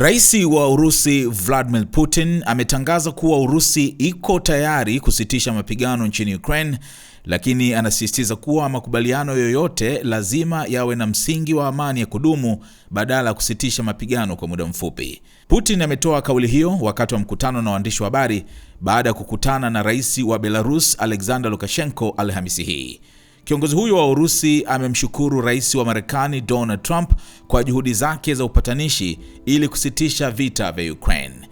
Rais wa Urusi Vladimir Putin ametangaza kuwa Urusi iko tayari kusitisha mapigano nchini Ukraine, lakini anasisitiza kuwa makubaliano yoyote lazima yawe na msingi wa amani ya kudumu badala ya kusitisha mapigano kwa muda mfupi. Putin ametoa kauli hiyo wakati wa mkutano na waandishi wa habari baada ya kukutana na Rais wa Belarus Alexander Lukashenko Alhamisi hii. Kiongozi huyo wa Urusi amemshukuru rais wa Marekani Donald Trump kwa juhudi zake za upatanishi ili kusitisha vita vya Ukraine.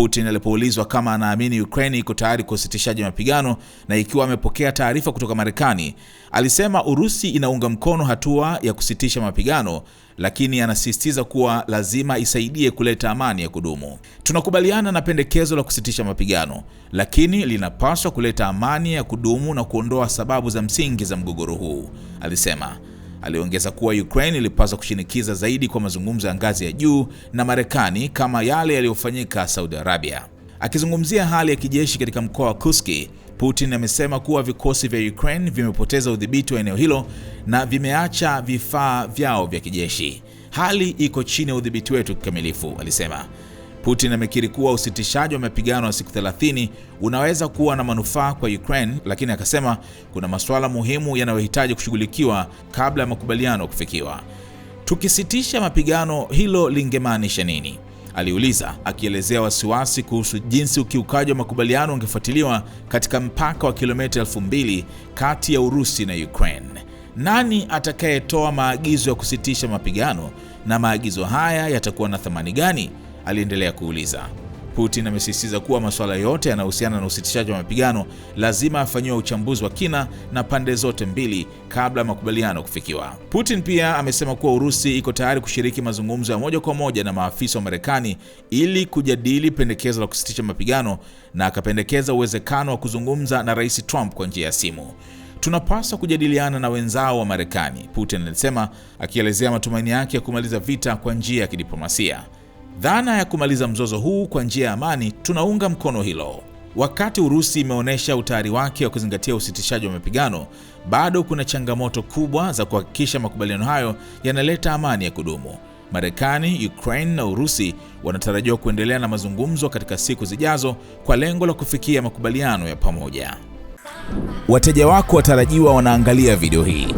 Putin alipoulizwa kama anaamini Ukraine iko tayari kwa usitishaji mapigano na ikiwa amepokea taarifa kutoka Marekani, alisema Urusi inaunga mkono hatua ya kusitisha mapigano, lakini anasisitiza kuwa lazima isaidie kuleta amani ya kudumu. Tunakubaliana na pendekezo la kusitisha mapigano, lakini linapaswa kuleta amani ya kudumu na kuondoa sababu za msingi za mgogoro huu, alisema. Aliongeza kuwa Ukraine ilipaswa kushinikiza zaidi kwa mazungumzo ya ngazi ya juu na Marekani kama yale yaliyofanyika Saudi Arabia. Akizungumzia hali ya kijeshi katika mkoa wa Kuski, Putin amesema kuwa vikosi vya Ukraine vimepoteza udhibiti wa eneo hilo na vimeacha vifaa vyao vya kijeshi. Hali iko chini ya udhibiti wetu kikamilifu, alisema. Putin amekiri kuwa usitishaji wa mapigano ya siku 30 unaweza kuwa na manufaa kwa Ukraine, lakini akasema kuna masuala muhimu yanayohitaji kushughulikiwa kabla ya makubaliano kufikiwa. Tukisitisha mapigano, hilo lingemaanisha nini? aliuliza akielezea wasiwasi kuhusu jinsi ukiukaji wa makubaliano ungefuatiliwa katika mpaka wa kilomita elfu mbili kati ya Urusi na Ukraine. Nani atakayetoa maagizo ya kusitisha mapigano na maagizo haya yatakuwa na thamani gani? aliendelea kuuliza. Putin amesisitiza kuwa masuala yote yanayohusiana na usitishaji wa mapigano lazima afanyiwe uchambuzi wa kina na pande zote mbili kabla ya makubaliano kufikiwa. Putin pia amesema kuwa Urusi iko tayari kushiriki mazungumzo ya moja kwa moja na maafisa wa Marekani ili kujadili pendekezo la kusitisha mapigano na akapendekeza uwezekano wa kuzungumza na Rais Trump kwa njia ya simu. Tunapaswa kujadiliana na wenzao wa Marekani, Putin alisema, akielezea matumaini yake ya kumaliza vita kwa njia ya kidiplomasia. Dhana ya kumaliza mzozo huu kwa njia ya amani, tunaunga mkono hilo. Wakati Urusi imeonyesha utayari wake wa kuzingatia usitishaji wa mapigano, bado kuna changamoto kubwa za kuhakikisha makubaliano hayo yanaleta amani ya kudumu. Marekani, Ukraine na Urusi wanatarajiwa kuendelea na mazungumzo katika siku zijazo kwa lengo la kufikia makubaliano ya pamoja. Wateja wako watarajiwa wanaangalia video hii.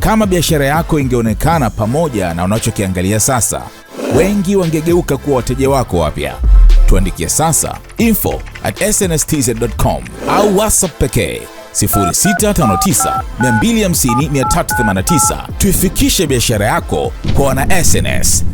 Kama biashara yako ingeonekana pamoja na unachokiangalia sasa wengi wangegeuka kuwa wateja wako wapya. Tuandikie sasa info at snstz.com au whatsapp pekee 0659 250 389. Tuifikishe biashara yako kwa wana SNS.